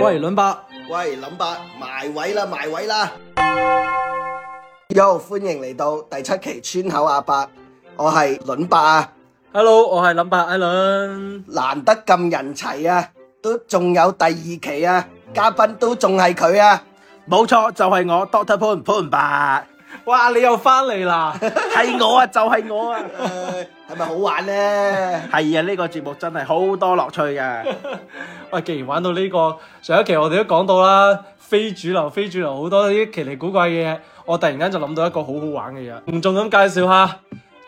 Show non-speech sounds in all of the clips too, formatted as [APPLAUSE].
喂，倫伯，喂，林伯，埋位啦，埋位啦！喲，歡迎嚟到第七期村口阿伯，我係倫伯啊。Hello，我係林伯 Alan，難得咁人齊啊，都仲有第二期啊，嘉賓都仲係佢啊，冇錯就係我 Doctor Poon 潘伯，哇，你又翻嚟啦，係我啊，就係我啊。.係咪好玩呢？係啊， [LAUGHS] 呢、這個節目真係好多樂趣啊！喂， [LAUGHS] 既然玩到呢、這個，上一期我哋都講到啦，非主流，非主流，好多啲奇奇怪怪嘅嘢。我突然間就諗到一個好好玩嘅嘢，隆重咁介紹下，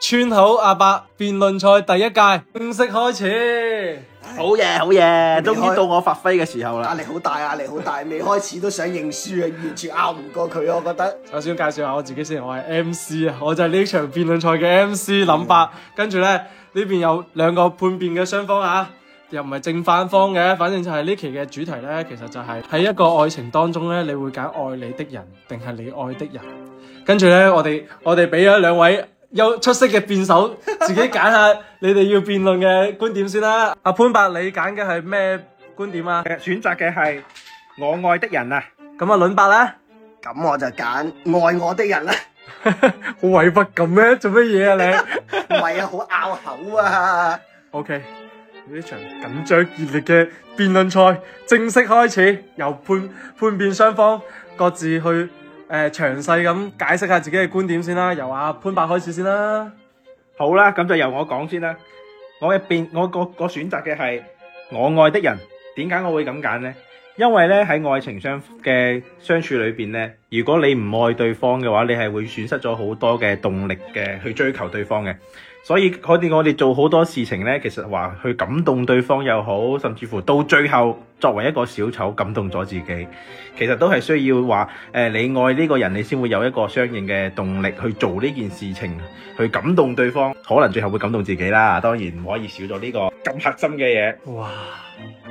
村口阿伯辯論賽第一屆正式開始。好嘢，好嘢，終於到我發揮嘅時候啦！壓力好大，壓力好大，未開始都想認輸啊， [LAUGHS] 完全拗唔過佢，我覺得。首先介紹下我自己先，我係 MC 啊，我就係呢場辯論賽嘅 MC 林伯。的跟住呢，呢邊有兩個判辯嘅雙方啊，又唔係正反方嘅，反正就係呢期嘅主題呢，其實就係喺一個愛情當中呢，你會揀愛你的人定係你愛的人？跟住呢，我哋我哋俾咗兩位。有出色嘅辯手，自己揀下你哋要辯論嘅觀點先啦。阿潘伯，你揀嘅係咩觀點啊？選擇嘅係我愛的人啊。咁啊，倫伯啦。咁我就揀愛我的人啦。 [LAUGHS] 好委屈咁咩？做乜嘢啊你？唔係 [LAUGHS] 啊，好拗口啊。OK，呢場緊張熱烈嘅辯論賽正式開始，由判判辯雙方各自去。誒，詳細咁解釋下自己嘅觀點先啦，由阿潘伯開始先啦。好啦，咁就由我講先啦。我嘅變，我個個選擇嘅係我愛的人。點解我會咁揀呢？因為呢，喺愛情相嘅相處裏邊呢，如果你唔愛對方嘅話，你係會損失咗好多嘅動力嘅去追求對方嘅。所以我哋我哋做好多事情呢，其實話去感動對方又好，甚至乎到最後作為一個小丑感動咗自己，其實都係需要話誒、呃、你愛呢個人，你先會有一個相應嘅動力去做呢件事情，去感動對方，可能最後會感動自己啦。當然唔可以少咗呢個咁核心嘅嘢。哇！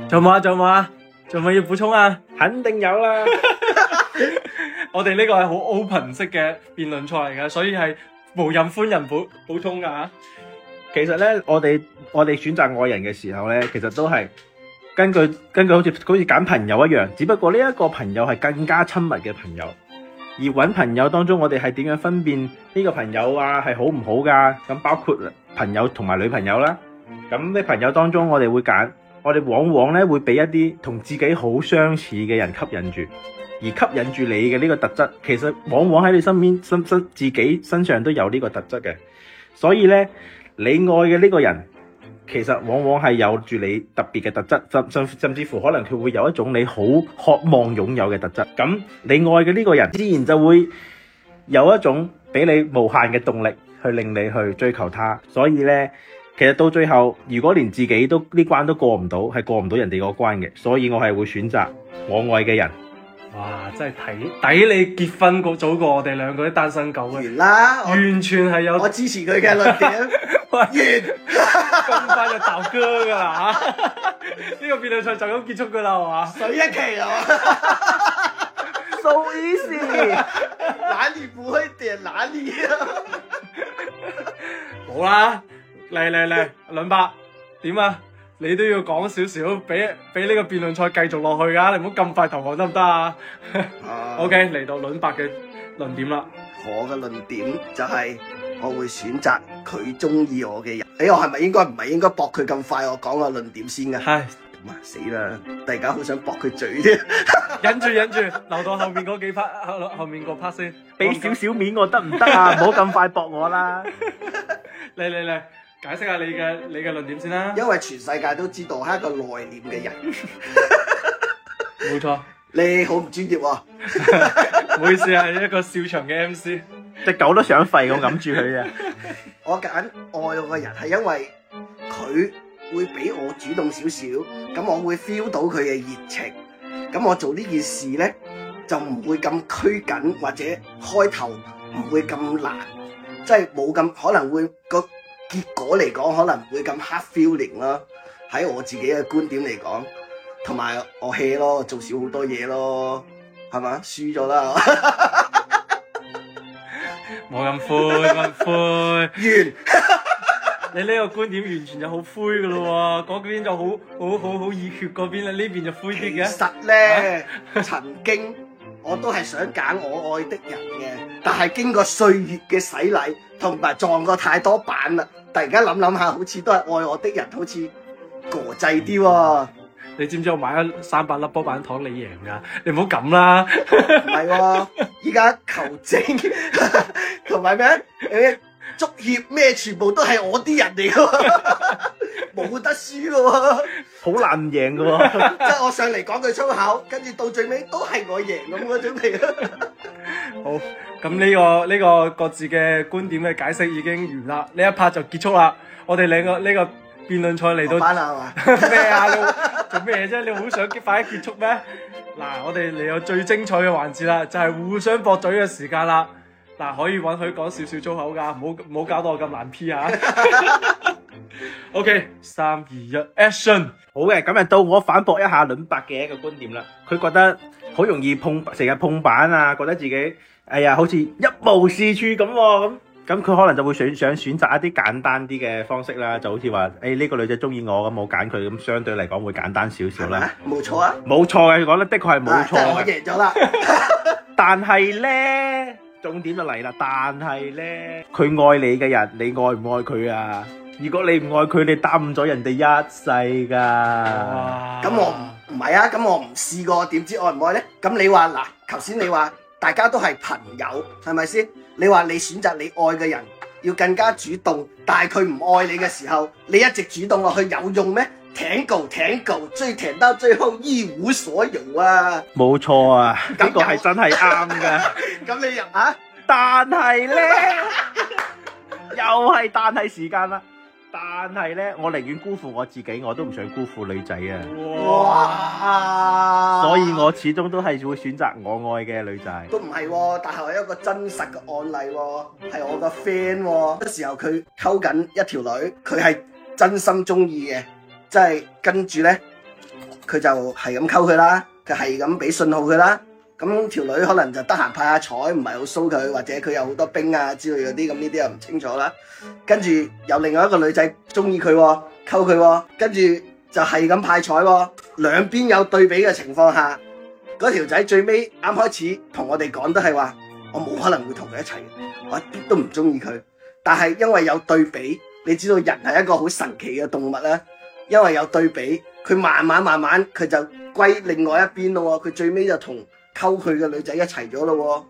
做冇啊？做冇啊？做冇要補充啊？肯定有啦！ [LAUGHS] 我哋呢個係好 open 式嘅辯論賽嚟嘅，所以係。無任歡迎補補充噶。其實咧，我哋我哋選擇愛人嘅時候咧，其實都係根據根據好似好似揀朋友一樣，只不過呢一個朋友係更加親密嘅朋友。而揾朋友當中，我哋係點樣分辨呢個朋友啊係好唔好噶？咁包括朋友同埋女朋友啦，啊。咁呢朋友當中我，我哋會揀，我哋往往咧會俾一啲同自己好相似嘅人吸引住。而吸引住你嘅呢個特質，其實往往喺你身邊身身自己身上都有呢個特質嘅，所以咧，你愛嘅呢個人，其實往往係有住你特別嘅特質，甚甚甚至乎可能佢會有一種你好渴望擁有嘅特質。咁你愛嘅呢個人，自然就會有一種俾你無限嘅動力去令你去追求他。所以咧，其實到最後，如果連自己都呢關都過唔到，係過唔到人哋個關嘅，所以我係會選擇我愛嘅人。哇！真係睇，抵你結婚嗰早過我哋兩個啲單身狗嘅，完啦！完全係有我支持佢嘅論點， [LAUGHS] 完咁快就爆姜噶啦吓！呢、 [LAUGHS] 啊這個辯論賽就咁結束噶啦，係嘛？水一期係嘛？So easy，哪裏不會點哪裏啊？冇 [LAUGHS] [LAUGHS] 啦，嚟嚟嚟，兩百點啊！你都要講少少，俾俾呢個辯論賽繼續落去噶，你唔好咁快投降得唔得啊？OK，嚟到倫伯嘅論點啦，我嘅論點就係我會選擇佢中意我嘅人。哎、欸，我係咪應該唔係應該駁佢咁快？我講個論點先嘅。係， [LAUGHS] 咁啊死啦！大家好想駁佢嘴添， [LAUGHS] 忍住忍住，留到後面嗰幾 part， [LAUGHS] 後面嗰 part 先，俾少少面我得唔得啊？唔好咁快駁我啦！嚟嚟嚟。解釋下你嘅你嘅論點先啦。因為全世界都知道係一個內斂嘅人，冇 [LAUGHS] 錯錯。你好唔專業，啊，唔 [LAUGHS] [LAUGHS] 好意思啊， [LAUGHS] 一個笑場嘅 MC，隻狗都想吠，我揞住佢啊！ [LAUGHS] [LAUGHS] 我揀愛我嘅人係因為佢會俾我主動少少，咁我會 feel 到佢嘅熱情，咁我做呢件事咧就唔會咁拘謹，或者開頭唔會咁難，即係冇咁可能會個。結果嚟講，可能唔會咁 hard feeling 啦，喺我自己嘅觀點嚟講，同埋我 hea 咯，做少好多嘢咯係咪？輸咗啦冇咁灰咁灰、灰完， [LAUGHS] 你呢個觀點完全就好灰噶咯喎，嗰邊 [LAUGHS] 就好好好好熱血嗰邊啦，呢邊就灰啲嘅。其實咧，啊、 [LAUGHS] 曾經我都係想揀我愛的人嘅。但係經過歲月嘅洗禮，同埋撞過太多板啦。突然間諗諗下，好似都係愛我的人，好似國際啲喎。你知唔知我買咗三百粒波板糖你贏噶？你唔好咁啦。唔 [LAUGHS] 係、 [LAUGHS] 啊，依家球證同埋咩？誒， [LAUGHS] 足協咩？全部都係我啲人嚟噶，冇 [LAUGHS] 得輸噶，好難唔贏噶。即 [LAUGHS] 係我上嚟講句粗口，跟住到最尾都係我贏咁嘅準備。 [LAUGHS] 好，咁呢、這個呢、這個各自嘅觀點嘅解釋已經完啦，呢一 part 就結束啦。我哋兩個呢、這個辯論賽嚟到，咩 [LAUGHS] 啊？你做咩嘢啫？你好想快啲結束咩？嗱，我哋嚟到最精彩嘅環節啦，就係、是、互相駁嘴嘅時間啦。嗱，可以允許講少少粗口噶，唔好唔好搞到我咁難 P 吓、啊。OK，三二一，Action！好嘅，咁啊到我反駁一下倫伯嘅一個觀點啦，佢覺得。好容易碰成日碰板啊！覺得自己哎呀好似一無是處咁，咁咁佢可能就會想想選擇一啲簡單啲嘅方式啦，就好似話誒呢個女仔中意我咁，我揀佢咁，相對嚟講會簡單少少啦。冇錯啊，冇錯嘅，我覺得的確係冇錯嘅。我贏咗啦，但係咧重點就嚟啦，但係咧佢愛你嘅人，你愛唔愛佢啊？如果你唔愛佢，你耽誤咗人哋一世㗎。哇！咁我唔。唔係啊，咁我唔試過，點知愛唔愛咧？咁你話嗱，頭先你話大家都係朋友，係咪先？你話你選擇你愛嘅人，要更加主動，但係佢唔愛你嘅時候，你一直主動落去有用咩？舔狗舔狗，追甜到最後一無所有啊！冇錯啊，呢 [LAUGHS] 個係真係啱噶。咁 [LAUGHS] 你又啊， [LAUGHS] 但係咧呢， [LAUGHS] 又係但係時間啦。但係呢，我寧願辜負我自己，我都唔想辜負女仔啊！哇！所以我始終都係會選擇我愛嘅女仔。都唔係喎，但係我一個真實嘅案例喎，係我個 friend 喎。嗰時候佢溝緊一條女，佢係真心中意嘅，即係跟住呢，佢就係咁溝佢啦，佢係咁俾信號佢啦。咁條女可能就得閒派下彩，唔係好騷佢，或者佢有好多兵啊之類嗰啲，咁呢啲又唔清楚啦。跟住由另外一個女仔中意佢，溝佢喎，跟住就係咁派彩喎。兩邊有對比嘅情況下，嗰條仔最尾啱開始同我哋講都係話，我冇可能會同佢一齊，我一啲都唔中意佢。但係因為有對比，你知道人係一個好神奇嘅動物咧，因為有對比，佢慢慢慢慢佢就歸另外一邊咯喎。佢最尾就同溝佢嘅女仔一齊咗咯，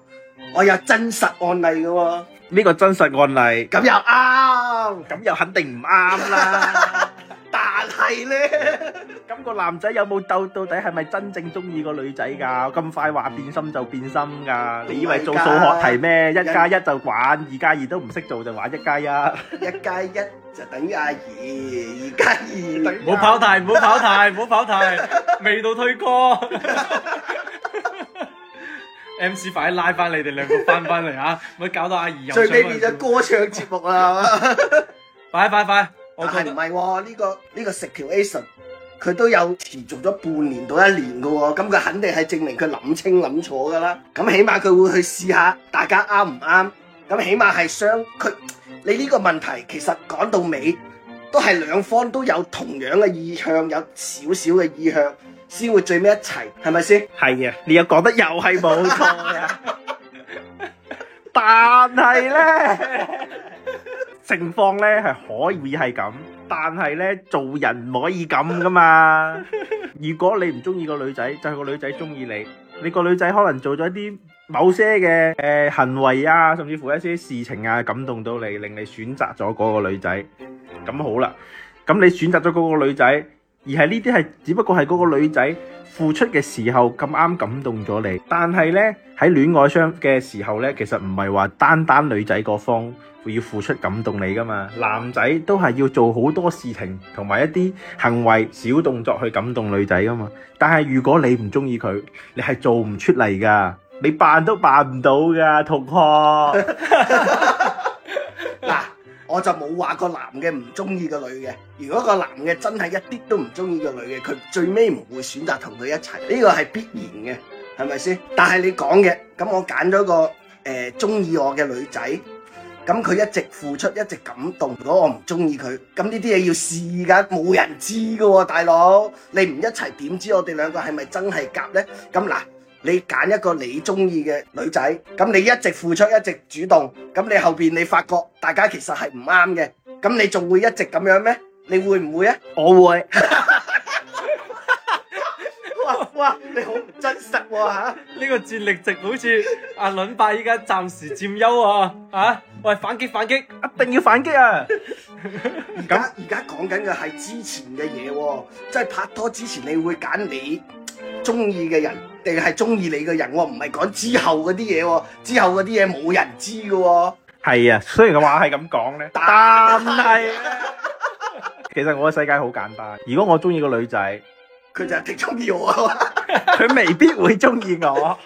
我有真實案例嘅喎。呢個真實案例咁又啱，咁又肯定唔啱啦。但係咧，咁個男仔有冇斗到底係咪真正中意個女仔噶？咁快話變心就變心噶？你以為做數學題咩？一加一就玩，二加二都唔識做就玩一加一。一加一就等於阿二，二加二等於。冇跑題，唔好跑題，唔好跑題，未到退歌。M C 快拉翻你哋兩個翻翻嚟啊！唔好 [LAUGHS] 搞到阿二最尾變咗歌唱節目啦！快快快！係唔係喎？呢、這個呢個石橋 Ason 佢都有持續咗半年到一年噶喎、哦，咁佢肯定係證明佢諗清諗楚噶啦。咁起碼佢會去試下大家啱唔啱？咁起碼係相，佢你呢個問題其實講到尾都係兩方都有同樣嘅意向，有少少嘅意向。先會最尾一齊，係咪先？係啊，你又講得又係冇錯啊！但係咧，情況咧係可以係咁，但係咧做人唔可以咁噶嘛。如果你唔中意個女仔，就係個女仔中意你，你個女仔可能做咗一啲某些嘅誒行為啊，甚至乎一些事情啊，感動到你，令你選擇咗嗰個女仔。咁好啦，咁你選擇咗嗰個女仔。而係呢啲係只不過係嗰個女仔付出嘅時候咁啱感動咗你，但係呢，喺戀愛上嘅時候呢，其實唔係話單單女仔嗰方會要付出感動你噶嘛，男仔都係要做好多事情同埋一啲行為小動作去感動女仔噶嘛。但係如果你唔中意佢，你係做唔出嚟噶，你扮都扮唔到噶，同學。 [LAUGHS] 我就冇話個男嘅唔中意個女嘅。如果個男嘅真係一啲都唔中意個女嘅，佢最尾唔會選擇同佢一齊呢個係必然嘅，係咪先？但係你講嘅咁，我揀咗個誒中意我嘅女仔，咁佢一直付出，一直感動。如果我唔中意佢，咁呢啲嘢要試噶，冇人知噶喎，大佬你唔一齊點知我哋兩個係咪真係夾呢？咁嗱。你揀一個你中意嘅女仔，咁你一直付出，一直主動，咁你後邊你發覺大家其實係唔啱嘅，咁你仲會一直咁樣咩？你會唔會啊？我會。 [LAUGHS] 哇哇，你好唔真實喎！吓，呢個戰力值好似阿倫伯依家暫時佔優啊！吓，喂，反擊反擊，一定要反擊啊！而家而家講緊嘅係之前嘅嘢，即係拍拖之前你會揀你中意嘅人，定係中意你嘅人？我唔係講之後嗰啲嘢喎，之後嗰啲嘢冇人知嘅喎、喔。係啊，雖然嘅話係咁講咧， [LAUGHS] 但係，其實我嘅世界好簡單。如果我中意個女仔，佢就係中意我，佢 [LAUGHS] 未必會中意我。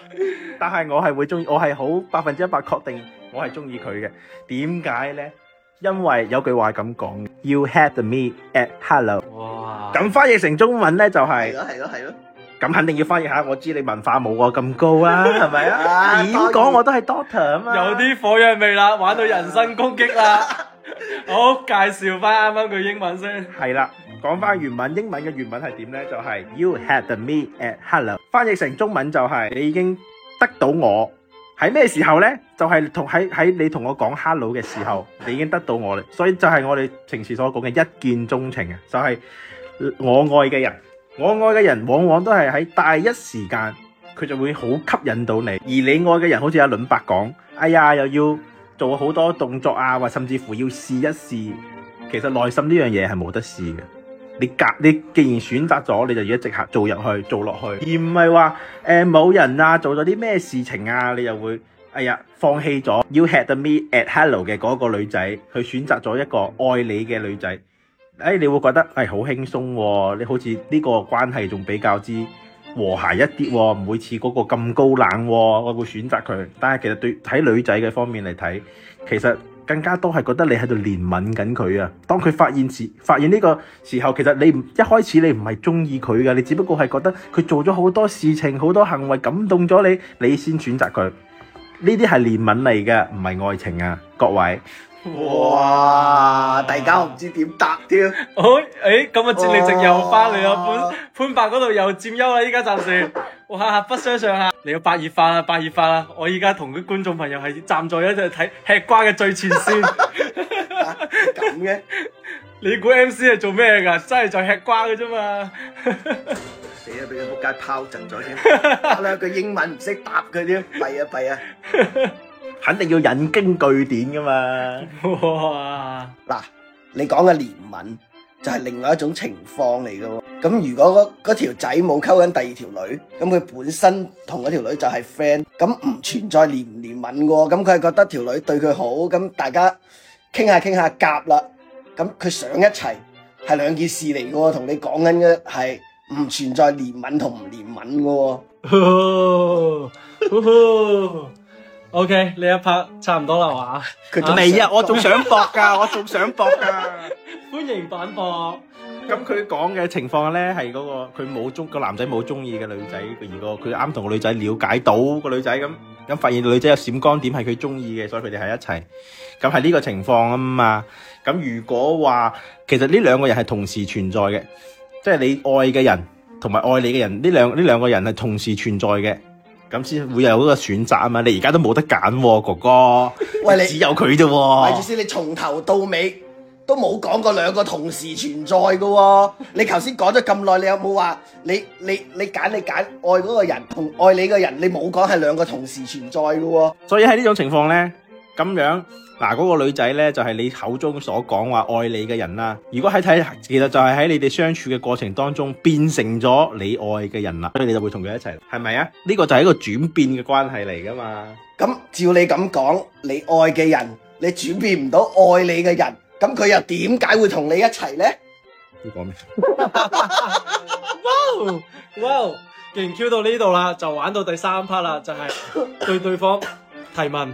但係我係會中意，我係好百分之一百確定我係中意佢嘅。點解咧？因為有句話係咁講，You had me at hello。哇！咁翻譯成中文咧就係、是。係咯係咯係咯。咁肯定要翻譯下，我知你文化冇我咁高啊，係咪啊？點講我都係 doctor 啊嘛，有啲火藥味啦，玩到人身攻擊啦。好，介紹翻啱啱句英文先。係啦，講翻原文，英文嘅原文係點咧？就係 You had me at hello。翻譯成中文就係你已經得到我，喺咩時候咧？就係同喺喺你同我講 hello 嘅時候，你已經得到我啦。所以就係我哋平時所講嘅一見鍾情啊，就係我愛嘅人。我愛嘅人往往都係喺第一時間，佢就會好吸引到你。而你愛嘅人，好似阿倫伯講，哎呀又要做好多動作啊，或甚至乎要試一試。其實內心呢樣嘢係冇得試嘅。你隔，你既然選擇咗，你就要一直行做入去，做落去，而唔係話誒冇人啊，做咗啲咩事情啊，你又會哎呀放棄咗。要 you had me at hello 嘅嗰個女仔，佢選擇咗一個愛你嘅女仔。哎，你會覺得係好、哎、輕鬆、喎，你好似呢個關係仲比較之和諧一啲、喎，唔會似嗰個咁高冷、喎。我會選擇佢，但係其實對喺女仔嘅方面嚟睇，其實更加都係覺得你喺度憐憫緊佢啊。當佢發現時，發現呢個時候，其實你一開始你唔係中意佢嘅，你只不過係覺得佢做咗好多事情、好多行為感動咗你，你先選擇佢。呢啲係憐憫嚟嘅，唔係愛情啊，各位。哇！大家我唔知點答添，哎哎、哦，咁、欸、啊，接力席又翻嚟啦，潘潘伯嗰度又佔優啦，依家暫時，哇，不相上下，嚟個白熱化啦，白熱化啦，我依家同啲觀眾朋友係站在一齊睇吃瓜嘅最前線，咁嘅、 [LAUGHS] 啊，你估 M C 係做咩噶？真係就吃瓜嘅啫嘛，死啦！ [LAUGHS] 俾個仆街拋擲咗添！先，佢英文唔識答佢添，弊啊弊啊！ [LAUGHS] 肯定要引經據典噶嘛，嗱， [LAUGHS] 你講嘅憐憫就係、是、另外一種情況嚟噶，咁如果嗰嗰條仔冇溝緊第二條女，咁佢本身同嗰條女就係 friend，咁唔存在憐唔憐憫噶，咁佢係覺得條女對佢好，咁大家傾下傾下夾啦，咁佢想一齊係兩件事嚟噶，同你講緊嘅係唔存在憐憫同唔憐憫噶。 [LAUGHS] [LAUGHS] O K，呢一 part 差唔多啦，話未啊？我仲想搏噶，我仲想搏噶。歡迎反駁。咁佢講嘅情況咧，係嗰個佢冇中個男仔冇中意嘅女仔，而個佢啱同個女仔了解到個女仔咁咁，發現女仔有閃光點係佢中意嘅，所以佢哋喺一齊。咁係呢個情況啊嘛。咁如果話其實呢兩個人係同時存在嘅，即係你愛嘅人同埋愛你嘅人，呢兩呢兩個人係同時存在嘅。咁先會有嗰個選擇啊嘛！你而家都冇得揀喎，啊，哥哥，喂，你只有佢啫喎。喂，咪住先，你從頭到尾都冇講過兩個同時存在嘅喎，啊。你頭先講咗咁耐，你有冇話你你你揀你揀愛嗰個人同愛你個人，你冇講係兩個同時存在嘅喎，啊。所以喺呢種情況咧，咁樣。嗱，嗰個女仔咧就係你口中所講話愛你嘅人啦。如果喺睇，其實就係喺你哋相處嘅過程當中，變成咗你愛嘅人啦，所以你就會同佢一齊，係咪啊？呢個就係一個轉變嘅關係嚟噶嘛。咁照你咁講，你愛嘅人，你轉變唔到愛你嘅人，咁佢又點解會同你一齊呢？要講咩？哇哇，既然 Q 到呢度啦，就玩到第三 part 啦，就係對對方提問。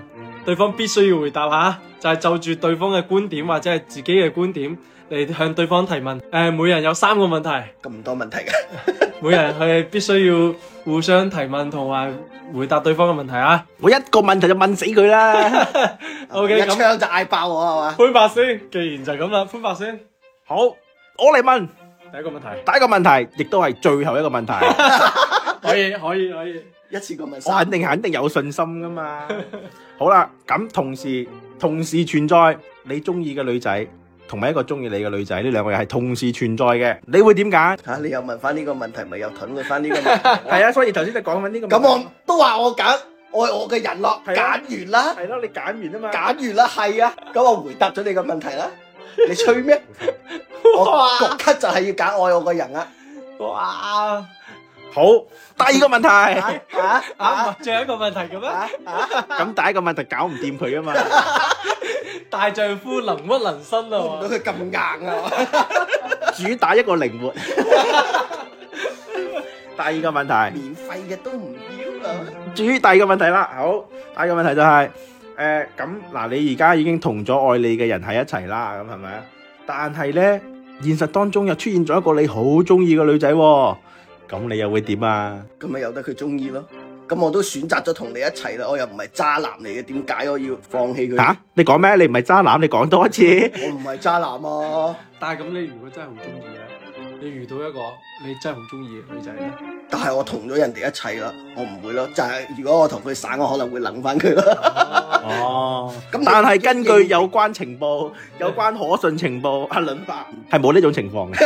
對方必須要回答吓，就係就住對方嘅觀點或者係自己嘅觀點嚟向對方提問。誒，每人有三個問題，咁多問題嘅，每人佢必須要互相提問同埋回答對方嘅問題啊！我一個問題就問死佢啦。OK，一槍就嗌爆我係嘛？潘伯先，既然就咁啦，潘伯先，好，我嚟問第一個問題，第一個問題亦都係最後一個問題。可以可以可以，一次過咪？我肯定肯定有信心噶嘛。好啦，咁同時同時存在你中意嘅女仔，同埋一個中意你嘅女仔，呢兩個人係同時存在嘅。你會點揀？吓，你又問翻呢個問題，咪又揼佢翻呢個問題？係啊，所以頭先你講緊呢個問題。咁我都話我揀愛我嘅人咯，揀完啦。係咯，你揀完啊嘛，揀完啦，係啊。咁我回答咗你個問題啦。你吹咩？我哇！骨咳就係要揀愛我嘅人啊！哇！好，第二個問題啊，最後一個問題嘅咩？咁第一個問題搞唔掂佢啊嘛，大丈夫能屈能伸啊，佢咁硬啊，主打一個靈活。第二個問題，免費嘅都唔要啦。至於第二個問題啦，好，第二個問題就係誒咁嗱，你而家已經同咗愛你嘅人喺一齊啦，咁係咪啊？但係咧，現實當中又出現咗一個你好中意嘅女仔。咁你又會點啊？咁咪由得佢中意咯。咁我都選擇咗同你一齊啦。我又唔係渣男嚟嘅，點解我要放棄佢？吓？你講咩？你唔係渣男？你講多一次。我唔係渣男啊！但係咁，你如果真係好中意啊，你遇到一個你真係好中意嘅女仔，但係我同咗人哋一齊啦，我唔會咯。就係如果我同佢散，我可能會諗翻佢咯。哦。咁但係根據有關情報、有關可信情報，阿倫伯係冇呢種情況嘅。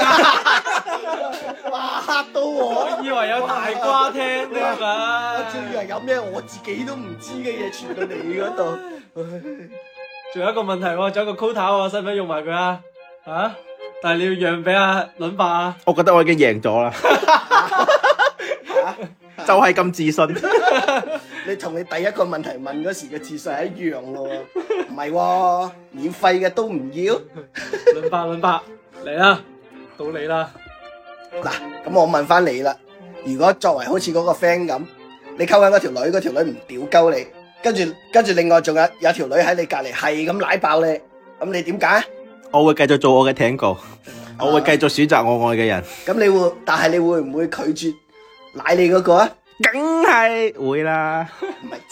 哇！嚇到我，我以為有大瓜聽咧， [LAUGHS] 我仲以為有咩我自己都唔知嘅嘢傳到你嗰度。仲 [LAUGHS] 有一個問題喎、哦，仲有個 quota 喎、哦，使唔使用埋佢啊？吓、啊！但係你要讓俾阿倫伯。我覺得我已經贏咗啦，就係咁自信。 [LAUGHS] [LAUGHS] 你同你第一個問題問嗰時嘅自信係一樣咯，唔係、哦？免費嘅都唔要。倫伯倫伯，嚟啦，到你啦。嗱，咁、啊、我問翻你啦，如果作為好似嗰個 friend 咁，你溝緊嗰條女，嗰條女唔屌鳩你，跟住跟住，另外仲有有條女喺你隔籬，係咁奶爆你，咁你點解？我會繼續做我嘅舔狗，我會繼續選擇我愛嘅人。咁、啊、你會，但係你會唔會拒絕奶你嗰個啊？梗係會啦，唔 [LAUGHS] 係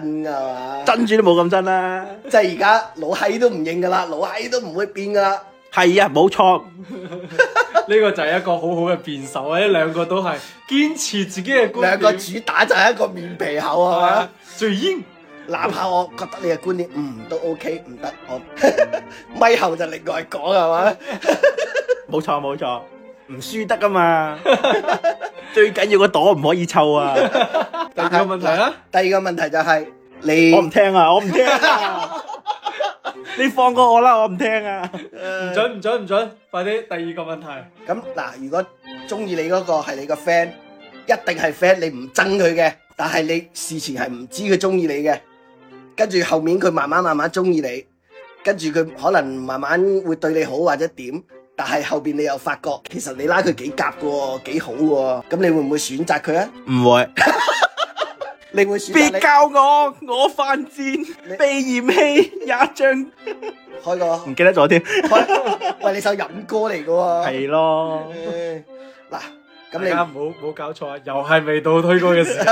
真噶嘛？珍珠、啊、 [LAUGHS] 都冇咁真啦，即係而家老閪都唔認噶啦，老閪都唔會變噶啦。係啊，冇錯，呢個就係一個好好嘅辯手啊！呢兩個都係堅持自己嘅觀念，兩個主打就係一個面皮厚，係嘛、 [LAUGHS] 啊？最英，哪怕我覺得你嘅觀念唔都 OK，唔得，我咪 [LAUGHS] 後就另外講，係 [LAUGHS] 嘛？冇錯冇錯，唔輸得㗎嘛！最緊要個朵唔可以臭啊！第二個問題啊，第二個問題就係、是、你，我唔聽啊，我唔聽 [LAUGHS] [LAUGHS] [LAUGHS] 你放過我啦，我唔聽啊！唔 [LAUGHS] 准唔准唔准，快啲第二個問題。咁嗱，如果中意你嗰個係你個 friend，一定係 friend，你唔憎佢嘅。但係你事前係唔知佢中意你嘅，跟住後面佢慢慢慢慢中意你，跟住佢可能慢慢會對你好或者點。但係後邊你又發覺，其實你拉佢幾夾嘅，幾好嘅。咁你會唔會選擇佢啊？唔會。 [LAUGHS] 你會選？別教我，我犯賤，被嫌棄也像開個唔記得咗添，喂，呢首飲歌嚟噶喎，係咯，嗱，大家唔好唔好搞錯啊，又係未到推歌嘅時間，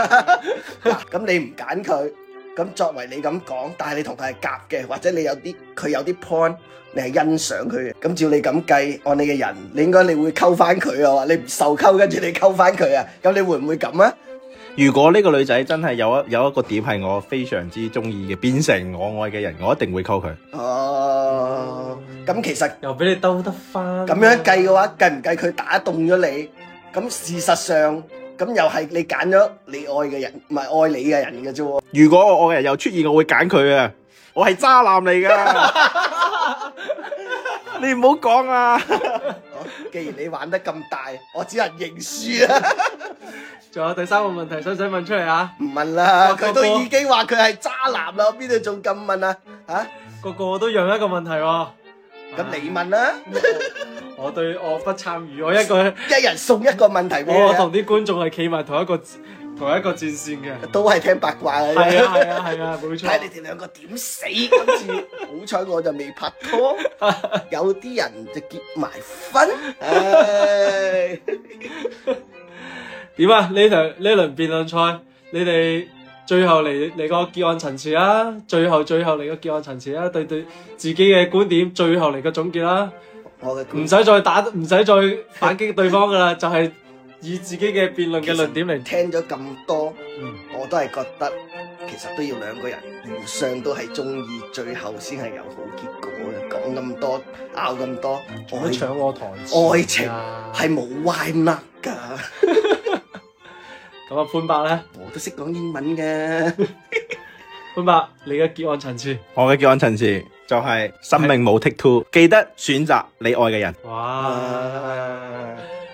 咁你唔揀佢，咁作為你咁講，但係你同佢係夾嘅，或者你有啲佢有啲 point，你係欣賞佢嘅，咁照你咁計，按你嘅人，你應該你會溝翻佢啊嘛，你唔受溝跟住你溝翻佢啊，咁你會唔會咁啊？如果呢個女仔真係有一有一個點係我非常之中意嘅，變成我愛嘅人，我一定會溝佢。哦、啊，咁其實又俾你兜得翻。咁樣計嘅話，計唔計佢打動咗你？咁事實上，咁又係你揀咗你愛嘅人，唔係愛你嘅人嘅啫。如果我愛嘅人又出現，我會揀佢啊！我係渣男嚟噶。 [LAUGHS] 你唔好講啊！既然你玩得咁大，我只能認輸啦。仲有第三個問題，想唔想問出嚟啊？唔問啦，佢都已經話佢係渣男啦，邊度仲咁問啊？吓，個個都讓一個問題喎。咁你問啦，我對我不參與，我一個一人送一個問題，我同啲觀眾係企埋同一個。同一個戰線嘅，都係聽八卦嘅。係啊係啊係啊，冇錯，睇你哋兩個點死。今次好彩我就未拍拖，有啲人就結埋婚。唉，點啊？呢輪呢輪辯論賽，你哋最後嚟嚟個結案陳詞啦，最後最後嚟個結案陳詞啦，對對自己嘅觀點最後嚟個總結啦。我嘅，唔使再打，唔使再反擊對方噶啦，就係。以自己嘅辯論嘅論點嚟聽咗咁多，嗯、我都係覺得其實都要兩個人互相都係中意，最後先係有好結果嘅。講咁多，拗咁多，搶我搶我台詞，愛情係冇歪乜噶。咁啊，潘伯咧，我都識講英文嘅。 [LAUGHS] [LAUGHS] 潘伯，你嘅結案陳詞，我嘅結案陳詞就係、是、生命冇 take two，的記得選擇你愛嘅人。哇哇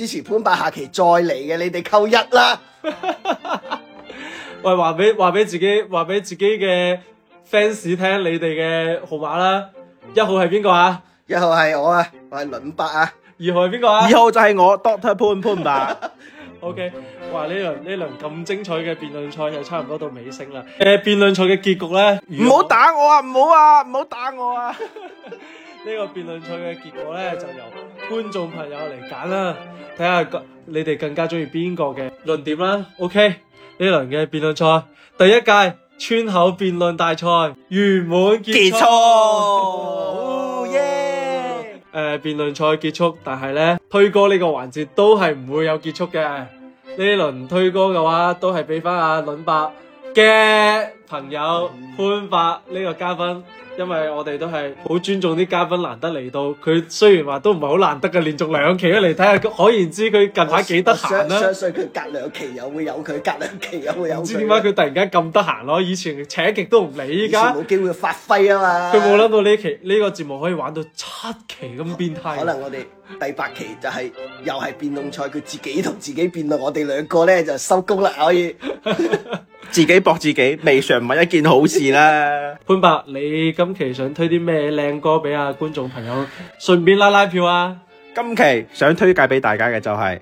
支持潘伯，下期再嚟嘅，你哋扣一啦。喂，話俾話俾自己，話俾自己嘅 fans 聽，你哋嘅號碼啦。一號係邊個啊？一號係我啊，我係倫伯啊。二號係邊個啊？二號就係我 Doctor 潘潘伯。OK，哇，呢輪呢輪咁精彩嘅辯論賽就差唔多到尾聲啦。誒，辯論賽嘅結局咧，唔好打我啊！唔好啊！唔好打我啊！呢個辯論賽嘅結果咧，就由。觀眾朋友嚟揀啦，睇下你哋更加中意邊個嘅論點啦。OK，呢輪嘅辯論賽，第一屆村口辯論大賽圓滿結束。耶！誒，辯論賽結束，但係咧推歌呢個環節都係唔會有結束嘅。呢輪推歌嘅話，都係俾翻阿倫伯。嘅朋友、嗯、潘伯呢、呢個嘉賓，因為我哋都係好尊重啲嘉賓難得嚟到，佢雖然話都唔係好難得嘅，連續兩期都嚟睇下我，佢可言之佢近排幾得閒啦。相信佢隔兩期又會有佢，隔兩期又會有。唔知點解佢突然間咁得閒咯？以前請極都唔理，以前冇機會發揮啊嘛。佢冇諗到呢期呢、呢個節目可以玩到七期咁變態。可能我哋第八期就係、是、又係辯論賽，佢自己同自己辯論，我哋兩個咧就收工啦可以。 [LAUGHS] [LAUGHS] 自己搏自己未嘗唔係一件好事啦。潘伯，你今期想推啲咩靚歌俾阿觀眾朋友？順便拉拉票啊！今期想推介俾大家嘅就係《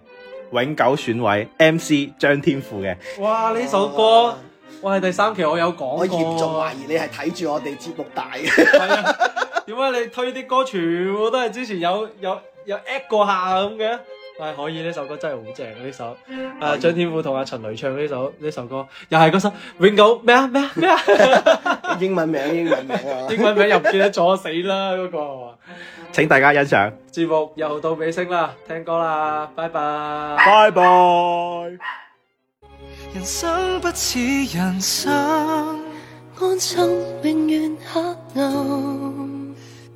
永久選位》MC 張天賦嘅。哇！呢首歌我係、啊、第三期我有講，我嚴重懷疑你係睇住我哋節目大嘅。點 [LAUGHS] 解、啊、你推啲歌全部都係之前有有有，有 at 過下嘅？喂，可以呢首歌真係好正啊！呢首，誒，張天賦同阿陳蕾唱呢首呢首歌，又係嗰首《永久咩啊咩啊咩啊》，英文名英文名啊，英文名又唔記得咗死啦嗰個，請大家欣賞。節目又到尾聲啦，聽歌啦，拜拜，拜拜。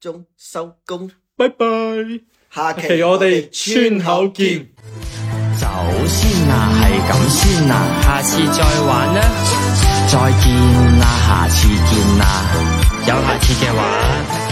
中收工，拜拜。Bye bye. 下期 okay，我哋村口見。口見走先啦、啊，係咁先啦、啊。下次再玩啦、啊，再見啦、啊，下次見啦、啊。有下次嘅話。